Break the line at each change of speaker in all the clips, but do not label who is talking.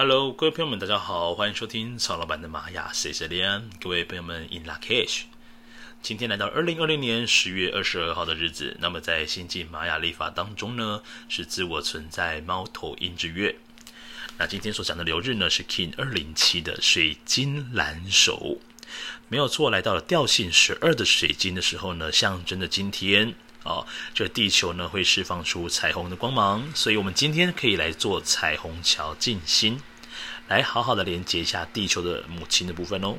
Hello，各位朋友們，大家好，歡迎收聽曹老板的瑪雅碎碎念，各位朋友們 In Lak'ech。今天來到二零二零年十月二十二號的日子，那麼在星際瑪雅曆法當中呢，是自我存在貓頭鷹之月。那今天所講的流日呢，是 kin 二零七的水晶藍手，沒有錯，來到了調性十二的水晶的時候呢，象徵著今天。哦，這地球呢會釋放出彩虹的光芒，所以我們今天可以來做彩虹橋靜心，來好好的連接一下地球的母親的部分哦。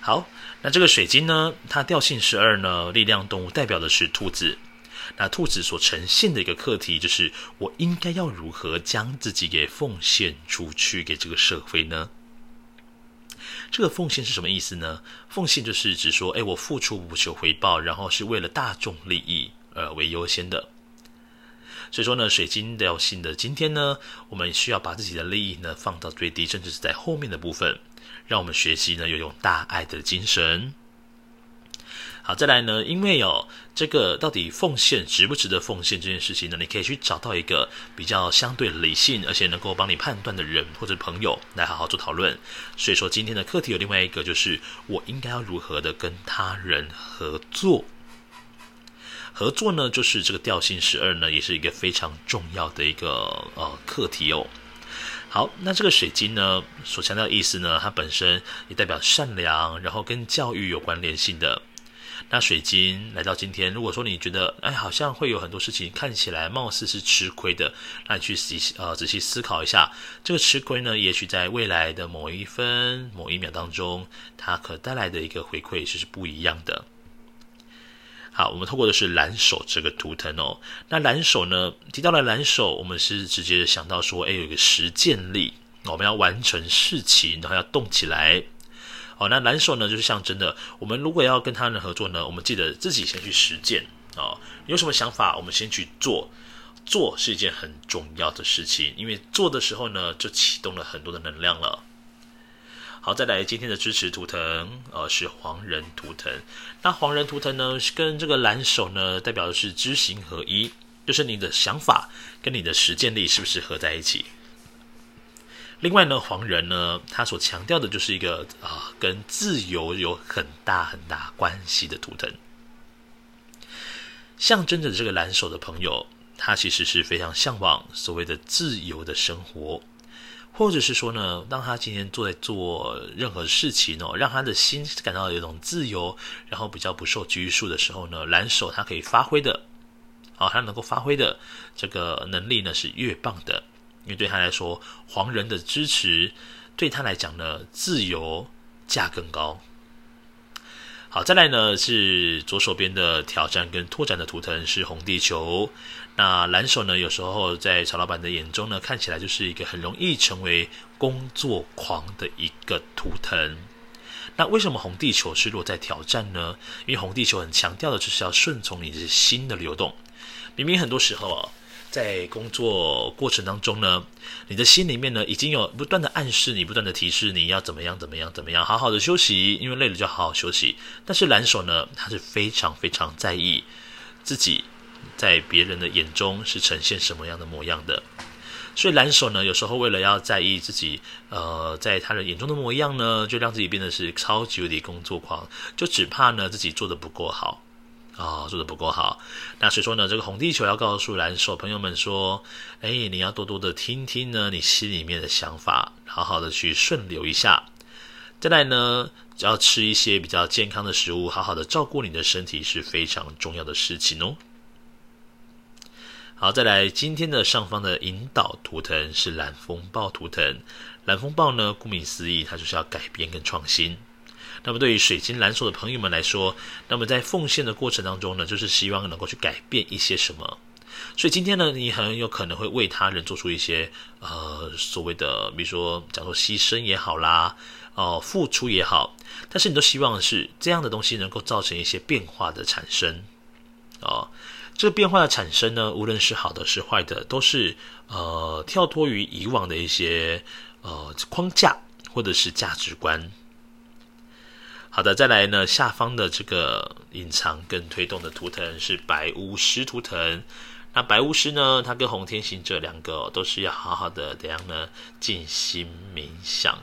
好，那這個水晶呢，它調性十二呢，力量動物代表的是兔子。那兔子所呈現的一個課題就是，我應該要如何將自己給奉獻出去給這個社會呢？這個奉獻是什麼意思呢？奉獻就是指說，哎，我付出不求回報，然後是為了大眾利益而為優先的。所以說呢，水晶調性的今天呢，我們需要把自己的利益呢放到最低，甚至是在後面的部分，讓我們學習呢有一種大愛的精神。好，再來呢？因為哦，這個到底奉獻值不值得奉獻這件事情呢？你可以去找到一個比較相對理性，而且能夠幫你判斷的人或者是朋友來好好做討論。所以說，今天的課題有另外一個，就是我應該要如何的跟他人合作。合作呢，就是這個調性十二呢，也是一個非常重要的一個呃課題哦。好，那這個水晶呢，所強調的意思呢，它本身也代表善良，然後跟教育有關聯性的。那水晶來到今天，如果說你覺得，哎，好像會有很多事情看起來貌似是吃虧的，那你去仔細呃仔細思考一下，這個吃虧呢，也許在未來的某一分某一秒當中，它可帶來的一個回饋是不一樣的。好，我們透過的是藍手這個圖騰哦。那藍手呢，提到了藍手，我們是直接想到說，哎，有一個實踐力，我們要完成事情，然後要動起來。好，那藍手呢，就是象徵的，我們如果要跟他人合作呢，我們記得自己先去實踐啊。哦、有什麼想法，我們先去做，做是一件很重要的事情，因為做的時候呢，就啟動了很多的能量了。好，再來今天的支持圖騰，呃、哦，是黃人圖騰。那黃人圖騰呢，是跟這個藍手呢，代表的是知行合一，就是你的想法跟你的實踐力是不是合在一起？另外呢，黃人呢，他所強調的就是一個啊，跟自由有很大很大關係的圖騰，象徵着這個藍手的朋友，他其實是非常向往所謂的自由的生活，或者是說呢，當他今天做在做任何事情哦，讓他的心感到有一種自由，然後比較不受拘束的時候呢，藍手他可以發揮的，啊，他能夠發揮的這個能力呢，是越棒的。因為對他來說，黃人的支持對他來講呢，自由價更高。好，再來呢是左手邊的挑戰跟拓展的圖騰是紅地球，那藍手呢，有時候在曹老板的眼中呢，看起來就是一個很容易成為工作狂的一個圖騰。那為什麼紅地球是落在挑戰呢？因為紅地球很強調的就是要順從你的心的流動，明明很多時候啊。在工作過程當中呢，你的心裡面呢已經有不斷的暗示你，你不斷的提示你要怎麼樣怎麼樣怎麼樣，好好的休息，因為累了就好好休息。但是藍手呢，他是非常非常在意自己在別人的眼中是呈現什麼樣的模樣的，所以藍手呢，有時候為了要在意自己呃在他的眼中的模樣呢，就讓自己變得是超級無敵工作狂，就只怕呢自己做得不夠好。哦，做得不夠好，那所以說呢，這個紅地球要告訴藍手朋友們說，哎，你要多多的聽聽呢，你心裡面的想法，好好的去順流一下。再來呢，只要吃一些比較健康的食物，好好的照顧你的身體是非常重要的事情哦。好，再來，今天的上方的引導圖騰是藍風暴圖騰，藍風暴呢，顧名思義，它就是要改變跟創新。那麼對於水晶藍手的朋友們來說，那麼在奉獻的過程當中呢，就是希望能夠去改變一些什麼。所以今天呢，你很有可能會為他人做出一些呃所謂的，比如說講說犧牲也好啦，哦、呃、付出也好，但是你都希望的是這樣的東西能夠造成一些變化的產生。哦、呃，這個變化的產生呢，無論是好的是壞的，都是呃跳脫於以往的一些呃框架或者是價值觀。好的，再來呢，下方的這個隱藏跟推動的圖騰是白巫師圖騰。那白巫師呢，他跟紅天行者兩個、哦、都是要好好的怎樣呢？靜心冥想。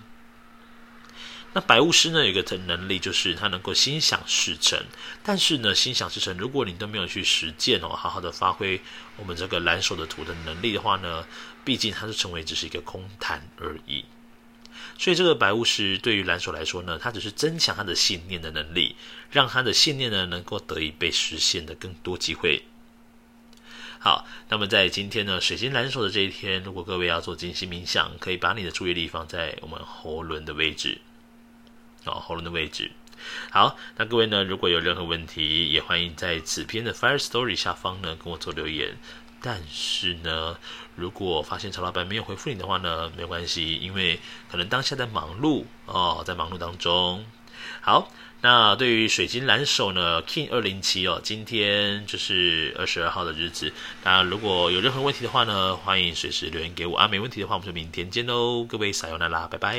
那白巫師呢，有一個圖騰能力就是他能夠心想事成。但是呢，心想事成，如果你都沒有去實踐哦，好好的發揮我們這個藍手的圖騰能力的話呢，畢竟它是成為只是一個空談而已。所以，這個白巫師對於藍手來說呢，它只是增強他的信念的能力，讓他的信念呢能夠得以被實現的更多機會。好，那麼在今天呢，水晶藍手的這一天，如果各位要做靜心冥想，可以把你的注意力放在我們喉輪的位置。喉輪。哦，喉輪的位置。好，那各位呢，如果有任何問題，也歡迎在此篇的 Fire Story 下方呢跟我做留言。但是呢，如果發現曹老板沒有回復你的話呢，沒關係，因為可能當下在忙碌哦，在忙碌當中。好，那對於水晶藍手呢，kin 二零七哦，今天就是二十二號的日子。那如果有任何問題的話呢，歡迎隨時留言給我啊，沒問題的話，我們就明天見嘍，各位撒由那拉，拜拜。